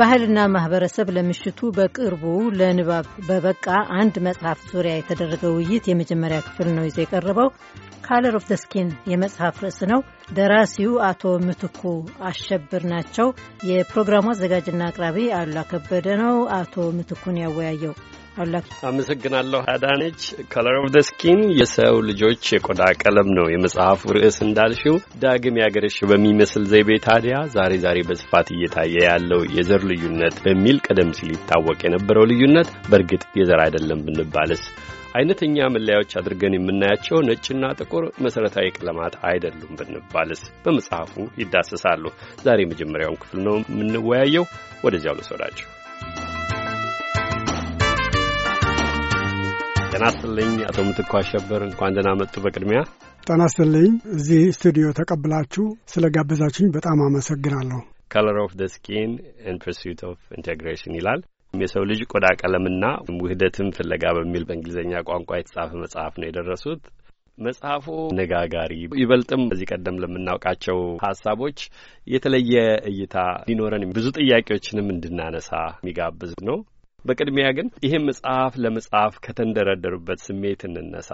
ባህልና ማህበረሰብ ለምሽቱ በቅርቡ ለንባብ በበቃ አንድ መጽሐፍ ዙሪያ የተደረገ ውይይት የመጀመሪያ ክፍል ነው ይዞ የቀረበው። ካለር ኦፍ ደ ስኪን የመጽሐፍ ርዕስ ነው። ደራሲው አቶ ምትኩ አሸብር ናቸው። የፕሮግራሙ አዘጋጅና አቅራቢ አሉላ ከበደ ነው። አቶ ምትኩን ያወያየው አመሰግናለሁ አዳነች። ካለር ኦፍ ደ ስኪን የሰው ልጆች የቆዳ ቀለም ነው የመጽሐፉ ርዕስ እንዳልሽው ዳግም ያገረሽ በሚመስል ዘይቤ ታዲያ ዛሬ ዛሬ በስፋት እየታየ ያለው የዘር ልዩነት በሚል ቀደም ሲል ይታወቅ የነበረው ልዩነት በእርግጥ የዘር አይደለም ብንባልስ አይነተኛ መለያዎች አድርገን የምናያቸው ነጭና ጥቁር መሠረታዊ ቀለማት አይደሉም ብንባልስ በመጽሐፉ ይዳሰሳሉ። ዛሬ የመጀመሪያውን ክፍል ነው የምንወያየው። ወደዚያው ልሰዳችሁ። ጤና ይስጥልኝ አቶ ምትኩ አሸበር፣ እንኳን ደህና መጡ። በቅድሚያ ጤና ይስጥልኝ። እዚህ ስቱዲዮ ተቀብላችሁ ስለ ጋበዛችሁኝ በጣም አመሰግናለሁ። ከለር ኦፍ ደ ስኪን ኤንድ ፐርሱት ኦፍ ኢንቴግሬሽን ይላል የሰው ልጅ ቆዳ ቀለምና ውህደትን ፍለጋ በሚል በእንግሊዝኛ ቋንቋ የተጻፈ መጽሐፍ ነው የደረሱት። መጽሐፉ ነጋጋሪ ይበልጥም በዚህ ቀደም ለምናውቃቸው ሀሳቦች የተለየ እይታ ሊኖረን ብዙ ጥያቄዎችንም እንድናነሳ የሚጋብዝ ነው። በቅድሚያ ግን ይህ መጽሐፍ ለመጽሐፍ ከተንደረደሩበት ስሜት እንነሳ።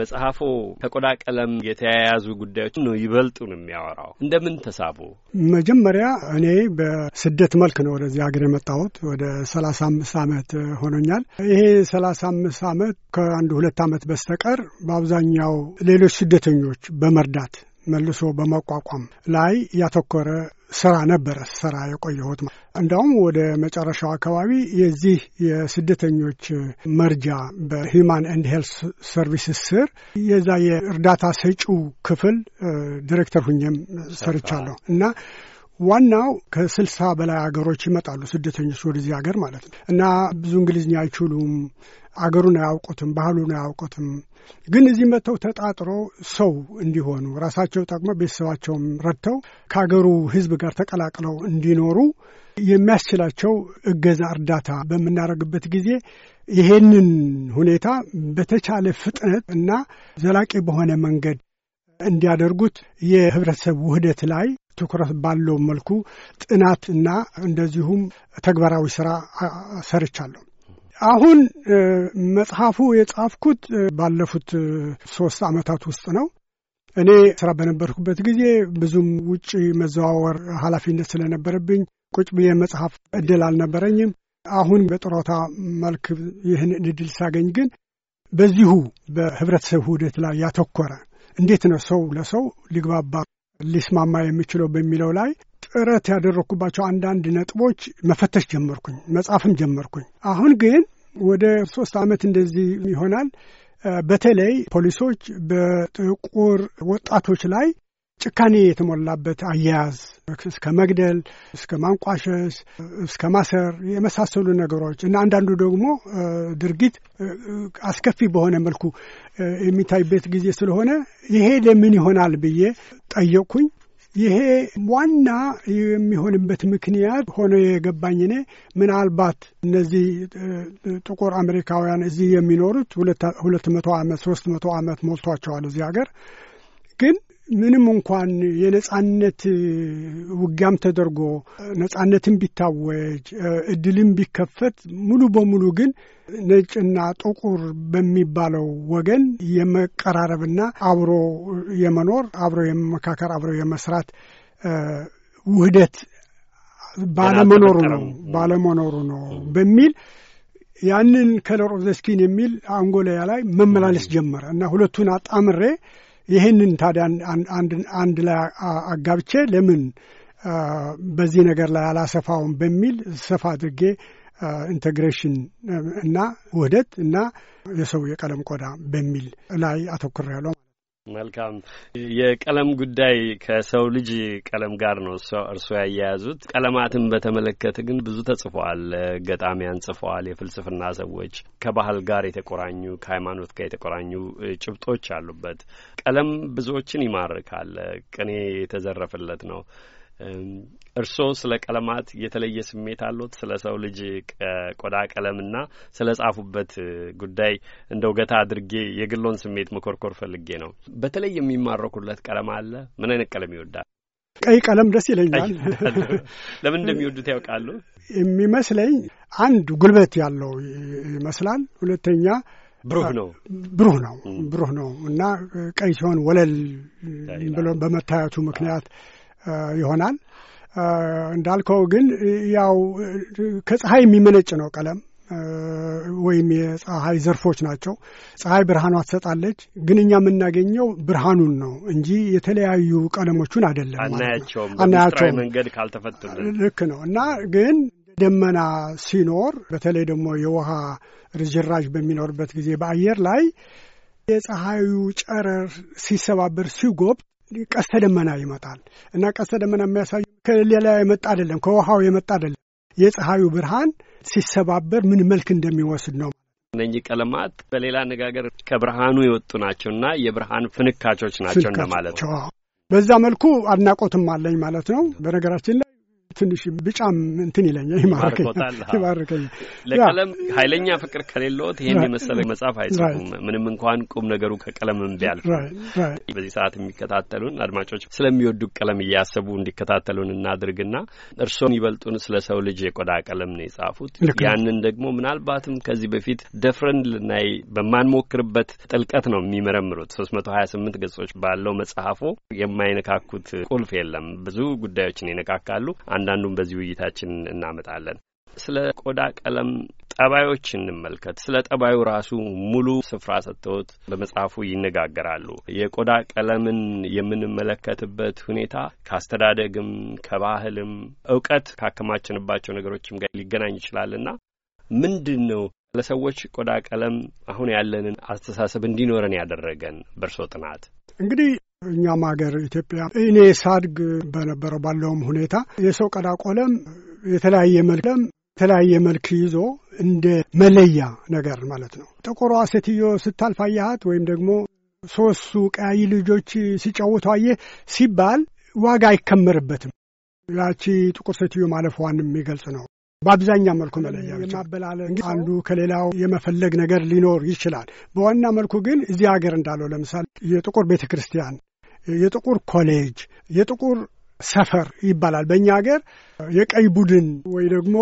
መጽሐፉ ከቆዳ ቀለም የተያያዙ ጉዳዮች ነው ይበልጡ ነው የሚያወራው። እንደምን ተሳቡ? መጀመሪያ እኔ በስደት መልክ ነው ወደዚህ ሀገር የመጣሁት። ወደ ሰላሳ አምስት አመት ሆኖኛል። ይሄ ሰላሳ አምስት አመት ከአንድ ሁለት አመት በስተቀር በአብዛኛው ሌሎች ስደተኞች በመርዳት መልሶ በማቋቋም ላይ ያተኮረ ስራ ነበረ ስራ የቆየሁት። እንዲያውም ወደ መጨረሻው አካባቢ የዚህ የስደተኞች መርጃ በሂማን ኤንድ ሄልስ ሰርቪስስ ስር የዛ የእርዳታ ሰጪው ክፍል ዲሬክተር ሁኜም ሰርቻለሁ እና ዋናው ከስልሳ በላይ አገሮች ይመጣሉ ስደተኞች ወደዚህ ሀገር ማለት ነው እና ብዙ እንግሊዝኛ አይችሉም። አገሩን አያውቁትም፣ ባህሉን አያውቁትም። ግን እዚህ መጥተው ተጣጥሮ ሰው እንዲሆኑ ራሳቸው ጠቅሞ ቤተሰባቸውም ረድተው ከአገሩ ሕዝብ ጋር ተቀላቅለው እንዲኖሩ የሚያስችላቸው እገዛ፣ እርዳታ በምናደርግበት ጊዜ ይሄንን ሁኔታ በተቻለ ፍጥነት እና ዘላቂ በሆነ መንገድ እንዲያደርጉት የህብረተሰብ ውህደት ላይ ትኩረት ባለው መልኩ ጥናት እና እንደዚሁም ተግባራዊ ስራ ሰርቻለሁ። አሁን መጽሐፉ የጻፍኩት ባለፉት ሶስት ዓመታት ውስጥ ነው። እኔ ስራ በነበርኩበት ጊዜ ብዙም ውጭ መዘዋወር ኃላፊነት ስለነበረብኝ ቁጭ ብዬ መጽሐፍ እድል አልነበረኝም። አሁን በጥሮታ መልክ ይህን እድል ሳገኝ ግን በዚሁ በህብረተሰብ ውህደት ላይ ያተኮረ እንዴት ነው ሰው ለሰው ሊግባባ ሊስማማ የሚችለው በሚለው ላይ ጥረት ያደረግኩባቸው አንዳንድ ነጥቦች መፈተሽ ጀመርኩኝ፣ መጻፍም ጀመርኩኝ። አሁን ግን ወደ ሶስት ዓመት እንደዚህ ይሆናል በተለይ ፖሊሶች በጥቁር ወጣቶች ላይ ጭካኔ የተሞላበት አያያዝ እስከ መግደል፣ እስከ ማንቋሸስ እስከ ማሰር የመሳሰሉ ነገሮች እና አንዳንዱ ደግሞ ድርጊት አስከፊ በሆነ መልኩ የሚታይበት ጊዜ ስለሆነ ይሄ ለምን ይሆናል ብዬ ጠየቅኩኝ። ይሄ ዋና የሚሆንበት ምክንያት ሆኖ የገባኝ እኔ ምናልባት እነዚህ ጥቁር አሜሪካውያን እዚህ የሚኖሩት ሁለት መቶ ዓመት ሶስት መቶ ዓመት ሞልቷቸዋል እዚህ ሀገር ግን ምንም እንኳን የነጻነት ውጊያም ተደርጎ ነፃነትን ቢታወጅ እድልም ቢከፈት ሙሉ በሙሉ ግን ነጭና ጥቁር በሚባለው ወገን የመቀራረብና አብሮ የመኖር አብሮ የመመካከር አብሮ የመስራት ውህደት ባለመኖሩ ነው ባለመኖሩ ነው በሚል ያንን ከለር ኦፍ ዘ ስኪን የሚል አንጎላያ ላይ መመላለስ ጀመረ እና ሁለቱን አጣምሬ ይህንን ታዲያ አንድ ላይ አጋብቼ ለምን በዚህ ነገር ላይ አላሰፋውም በሚል ሰፋ አድርጌ ኢንቴግሬሽን እና ውህደት እና የሰው የቀለም ቆዳ በሚል ላይ ያለው መልካም የቀለም ጉዳይ ከሰው ልጅ ቀለም ጋር ነው እርሶ ያያያዙት። ቀለማትን በተመለከተ ግን ብዙ ተጽፏል። ገጣሚያን ጽፈዋል። የፍልስፍና ሰዎች ከባህል ጋር የተቆራኙ ከሃይማኖት ጋር የተቆራኙ ጭብጦች አሉበት። ቀለም ብዙዎችን ይማርካል። ቅኔ የተዘረፈለት ነው። እርስዎ ስለ ቀለማት የተለየ ስሜት አሉት? ስለ ሰው ልጅ ቆዳ ቀለምና ስለ ጻፉበት ጉዳይ እንደው ገታ አድርጌ የግሎን ስሜት መኮርኮር ፈልጌ ነው። በተለይ የሚማረኩለት ቀለም አለ? ምን አይነት ቀለም ይወዳል? ቀይ ቀለም ደስ ይለኛል። ለምን እንደሚወዱት ያውቃሉ? የሚመስለኝ አንድ ጉልበት ያለው ይመስላል። ሁለተኛ ብሩህ ነው ብሩህ ነው ብሩህ ነው እና ቀይ ሲሆን ወለል ብሎ በመታየቱ ምክንያት ይሆናል። እንዳልከው ግን ያው ከፀሐይ የሚመነጭ ነው ቀለም ወይም የፀሐይ ዘርፎች ናቸው። ፀሐይ ብርሃኗ ትሰጣለች፣ ግን እኛ የምናገኘው ብርሃኑን ነው እንጂ የተለያዩ ቀለሞቹን አይደለም። አናያቸውም መንገድ ካልተፈተነ ልክ ነው እና ግን ደመና ሲኖር በተለይ ደግሞ የውሃ ርዥራዥ በሚኖርበት ጊዜ በአየር ላይ የፀሐዩ ጨረር ሲሰባበር ሲጎብጥ ቀስተ ደመና ይመጣል እና ቀስተ ደመና የሚያሳዩ ከሌላ የመጣ አይደለም፣ ከውሃው የመጣ አይደለም። የፀሐዩ ብርሃን ሲሰባበር ምን መልክ እንደሚወስድ ነው። እነኚህ ቀለማት በሌላ አነጋገር ከብርሃኑ የወጡ ናቸውና የብርሃን ፍንካቾች ናቸው ማለት ነው። በዛ መልኩ አድናቆትም አለኝ ማለት ነው በነገራችን ትንሽ ቢጫም እንትን ይለኛ ይማርከኛል ለቀለም ኃይለኛ ፍቅር ከሌለዎት ይህን የመሰለ መጽሐፍ አይጽፉም። ምንም እንኳን ቁም ነገሩ ከቀለምም ቢያልፍ በዚህ ሰዓት የሚከታተሉን አድማጮች ስለሚወዱ ቀለም እያሰቡ እንዲከታተሉን እናድርግና እርሶን ይበልጡን ስለ ሰው ልጅ የቆዳ ቀለም ነው የጻፉት። ያንን ደግሞ ምናልባትም ከዚህ በፊት ደፍረን ልናይ በማንሞክርበት ጥልቀት ነው የሚመረምሩት። ሶስት መቶ ሀያ ስምንት ገጾች ባለው መጽሐፎ የማይነካኩት ቁልፍ የለም። ብዙ ጉዳዮችን ይነካካሉ። እያንዳንዱን በዚህ ውይይታችን እናመጣለን። ስለ ቆዳ ቀለም ጠባዮች እንመልከት። ስለ ጠባዩ ራሱ ሙሉ ስፍራ ሰጥተውት በመጽሐፉ ይነጋገራሉ። የቆዳ ቀለምን የምንመለከትበት ሁኔታ ከአስተዳደግም ከባህልም እውቀት ካከማችንባቸው ነገሮችም ጋር ሊገናኝ ይችላልና ምንድን ነው ለሰዎች ቆዳ ቀለም አሁን ያለንን አስተሳሰብ እንዲኖረን ያደረገን በእርሶ ጥናት? እንግዲህ እኛም ሀገር ኢትዮጵያ እኔ ሳድግ በነበረው ባለውም ሁኔታ የሰው ቀዳ ቆለም የተለያየ መልክም የተለያየ መልክ ይዞ እንደ መለያ ነገር ማለት ነው። ጥቁሯ ሴትዮ ስታልፍ አየሃት ወይም ደግሞ ሶስቱ ቀያይ ልጆች ሲጫወቱ አየህ ሲባል ዋጋ አይከመርበትም። ያቺ ጥቁር ሴትዮ ማለፏን የሚገልጽ ነው። በአብዛኛው መልኩ መለያ ማበላለግ አንዱ ከሌላው የመፈለግ ነገር ሊኖር ይችላል። በዋና መልኩ ግን እዚህ ሀገር እንዳለው ለምሳሌ የጥቁር ቤተ ክርስቲያን የጥቁር ኮሌጅ፣ የጥቁር ሰፈር ይባላል በእኛ ሀገር። የቀይ ቡድን ወይ ደግሞ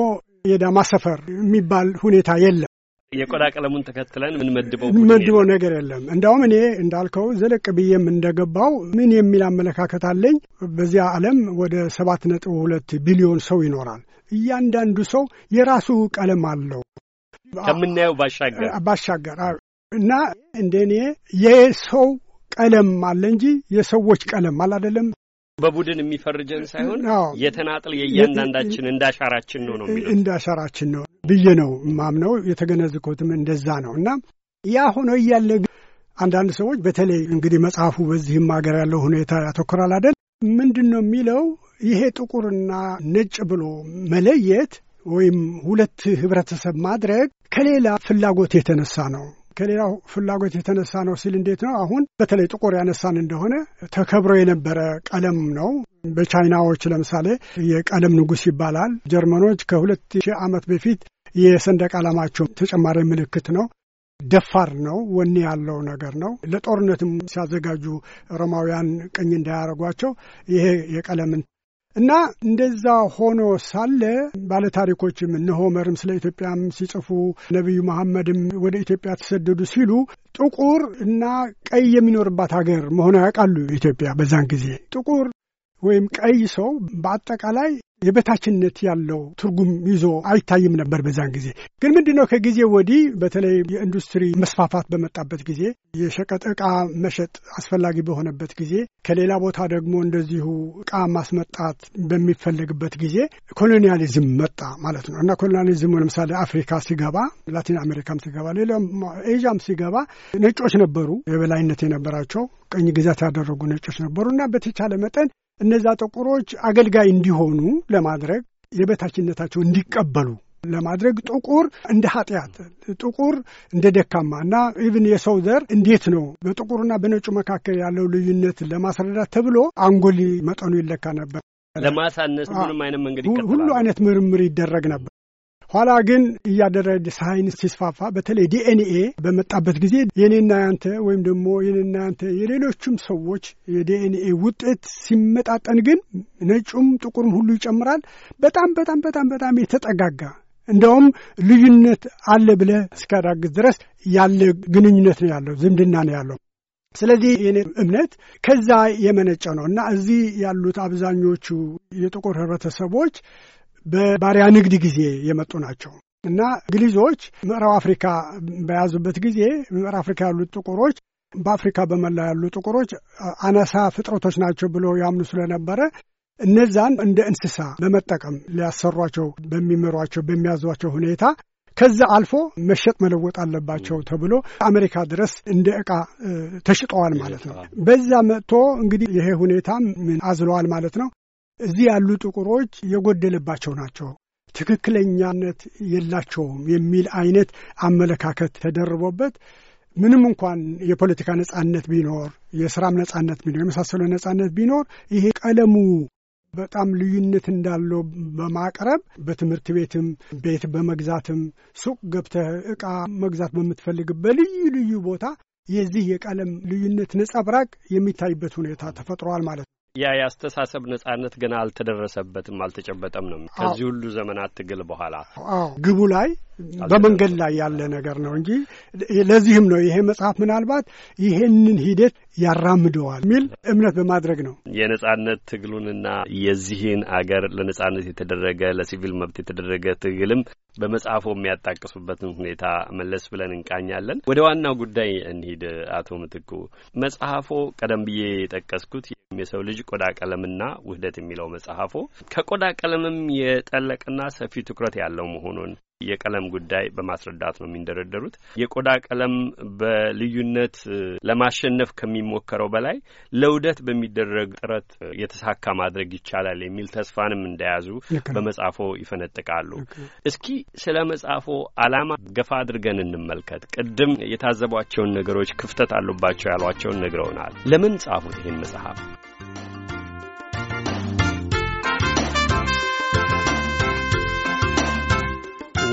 የዳማ ሰፈር የሚባል ሁኔታ የለም። የቆዳ ቀለሙን ተከትለን የምንመድበው ነገር የለም። እንዳውም እኔ እንዳልከው ዘለቅ ብዬም እንደገባው ምን የሚል አመለካከት አለኝ። በዚያ ዓለም ወደ ሰባት ነጥብ ሁለት ቢሊዮን ሰው ይኖራል። እያንዳንዱ ሰው የራሱ ቀለም አለው ከምናየው ባሻገር ባሻገር እና እንደ እኔ የሰው ቀለም አለ እንጂ የሰዎች ቀለም አለ አይደለም። በቡድን የሚፈርጀን ሳይሆን የተናጥል የእያንዳንዳችን እንዳሻራችን ነው ነው እንዳሻራችን ነው ብዬ ነው ማምነው። የተገነዝኩትም እንደዛ ነው እና ያ ሆኖ እያለ አንዳንድ ሰዎች በተለይ እንግዲህ መጽሐፉ በዚህም ሀገር ያለው ሁኔታ ያተኩራል አይደል? ምንድን ነው የሚለው ይሄ ጥቁርና ነጭ ብሎ መለየት ወይም ሁለት ህብረተሰብ ማድረግ ከሌላ ፍላጎት የተነሳ ነው ከሌላው ፍላጎት የተነሳ ነው ሲል እንዴት ነው አሁን በተለይ ጥቁር ያነሳን እንደሆነ ተከብሮ የነበረ ቀለም ነው። በቻይናዎች ለምሳሌ የቀለም ንጉሥ ይባላል። ጀርመኖች ከሁለት ሺህ ዓመት በፊት የሰንደቅ ዓላማቸው ተጨማሪ ምልክት ነው። ደፋር ነው። ወኔ ያለው ነገር ነው። ለጦርነትም ሲያዘጋጁ ሮማውያን ቅኝ እንዳያደርጓቸው ይሄ የቀለምን እና እንደዛ ሆኖ ሳለ ባለታሪኮችም እነ ሆመርም ስለ ኢትዮጵያም ሲጽፉ ነቢዩ መሐመድም ወደ ኢትዮጵያ ተሰደዱ ሲሉ ጥቁር እና ቀይ የሚኖርባት ሀገር መሆኗ ያውቃሉ። ኢትዮጵያ በዛን ጊዜ ጥቁር ወይም ቀይ ሰው በአጠቃላይ የበታችነት ያለው ትርጉም ይዞ አይታይም ነበር። በዛን ጊዜ ግን ምንድን ነው ከጊዜ ወዲህ በተለይ የኢንዱስትሪ መስፋፋት በመጣበት ጊዜ የሸቀጥ ዕቃ መሸጥ አስፈላጊ በሆነበት ጊዜ፣ ከሌላ ቦታ ደግሞ እንደዚሁ ዕቃ ማስመጣት በሚፈለግበት ጊዜ ኮሎኒያሊዝም መጣ ማለት ነው እና ኮሎኒያሊዝም ለምሳሌ አፍሪካ ሲገባ፣ ላቲን አሜሪካም ሲገባ፣ ሌላም ኤዥያም ሲገባ ነጮች ነበሩ የበላይነት የነበራቸው ቀኝ ግዛት ያደረጉ ነጮች ነበሩ እና በተቻለ መጠን እነዛ ጥቁሮች አገልጋይ እንዲሆኑ ለማድረግ የበታችነታቸው እንዲቀበሉ ለማድረግ ጥቁር እንደ ኃጢአት ጥቁር እንደ ደካማ እና ኢቭን የሰው ዘር እንዴት ነው በጥቁርና በነጩ መካከል ያለው ልዩነት ለማስረዳት ተብሎ አንጎል መጠኑ ይለካ ነበር። ለማሳነስ ሁሉም አይነት መንገድ ሁሉ አይነት ምርምር ይደረግ ነበር። ኋላ ግን እያደረ ሳይንስ ሲስፋፋ በተለይ ዲኤንኤ በመጣበት ጊዜ የኔና ያንተ ወይም ደግሞ የኔና ያንተ የሌሎችም ሰዎች የዲኤንኤ ውጤት ሲመጣጠን ግን ነጩም ጥቁርም ሁሉ ይጨምራል። በጣም በጣም በጣም በጣም የተጠጋጋ እንደውም ልዩነት አለ ብለ እስካዳግዝ ድረስ ያለ ግንኙነት ነው ያለው፣ ዝምድና ነው ያለው። ስለዚህ የኔ እምነት ከዛ የመነጨ ነው እና እዚህ ያሉት አብዛኞቹ የጥቁር ህብረተሰቦች በባሪያ ንግድ ጊዜ የመጡ ናቸው እና እንግሊዞች ምዕራብ አፍሪካ በያዙበት ጊዜ ምዕራብ አፍሪካ ያሉት ጥቁሮች በአፍሪካ በመላ ያሉ ጥቁሮች አነሳ ፍጥረቶች ናቸው ብሎ ያምኑ ስለነበረ እነዛን እንደ እንስሳ በመጠቀም ሊያሰሯቸው በሚመሯቸው በሚያዟቸው ሁኔታ ከዛ አልፎ መሸጥ መለወጥ አለባቸው ተብሎ አሜሪካ ድረስ እንደ ዕቃ ተሽጠዋል ማለት ነው። በዛ መጥቶ እንግዲህ ይሄ ሁኔታ ምን አዝለዋል ማለት ነው። እዚህ ያሉ ጥቁሮች የጎደለባቸው ናቸው፣ ትክክለኛነት የላቸውም የሚል አይነት አመለካከት ተደርቦበት ምንም እንኳን የፖለቲካ ነጻነት ቢኖር የስራም ነጻነት ቢኖር የመሳሰሉ ነጻነት ቢኖር ይሄ ቀለሙ በጣም ልዩነት እንዳለው በማቅረብ በትምህርት ቤትም ቤት በመግዛትም ሱቅ ገብተህ ዕቃ መግዛት በምትፈልግበት በልዩ ልዩ ቦታ የዚህ የቀለም ልዩነት ነጸብራቅ የሚታይበት ሁኔታ ተፈጥሯል ማለት ነው። ያ የአስተሳሰብ ነጻነት ገና አልተደረሰበትም፣ አልተጨበጠም ነው ከዚህ ሁሉ ዘመናት ትግል በኋላ። አዎ ግቡ ላይ በመንገድ ላይ ያለ ነገር ነው እንጂ ለዚህም ነው ይሄ መጽሐፍ ምናልባት ይሄንን ሂደት ያራምደዋል የሚል እምነት በማድረግ ነው። የነጻነት ትግሉንና የዚህን አገር ለነጻነት የተደረገ ለሲቪል መብት የተደረገ ትግልም በመጽሐፎ የሚያጣቅሱበትን ሁኔታ መለስ ብለን እንቃኛለን። ወደ ዋናው ጉዳይ እንሂድ። አቶ ምትኩ መጽሐፎ ቀደም ብዬ የጠቀስኩት የሰው ልጅ ቆዳ ቀለምና ውህደት የሚለው መጽሐፎ ከቆዳ ቀለምም የጠለቀና ሰፊ ትኩረት ያለው መሆኑን የቀለም ጉዳይ በማስረዳት ነው የሚንደረደሩት። የቆዳ ቀለም በልዩነት ለማሸነፍ ከሚሞከረው በላይ ለውደት በሚደረግ ጥረት የተሳካ ማድረግ ይቻላል የሚል ተስፋንም እንደያዙ በመጽሐፎ ይፈነጥቃሉ። እስኪ ስለ መጽሐፎ ዓላማ ገፋ አድርገን እንመልከት። ቅድም የታዘቧቸውን ነገሮች ክፍተት አሉባቸው ያሏቸውን ነግረውናል። ለምን ጻፉት ይህን መጽሐፍ?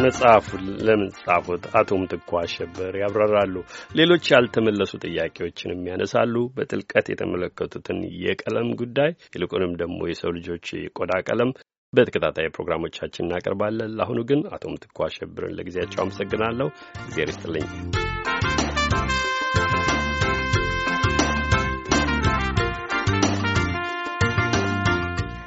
መጽሐፉን ለምን ጻፉት? አቶ ምትኩ አሸበር ያብራራሉ። ሌሎች ያልተመለሱ ጥያቄዎችንም ያነሳሉ። በጥልቀት የተመለከቱትን የቀለም ጉዳይ ይልቁንም ደግሞ የሰው ልጆች የቆዳ ቀለም በተከታታይ ፕሮግራሞቻችን እናቀርባለን። ለአሁኑ ግን አቶ ምትኩ አሸብርን ለጊዜያቸው አመሰግናለሁ። እግዜር ይስጥልኝ።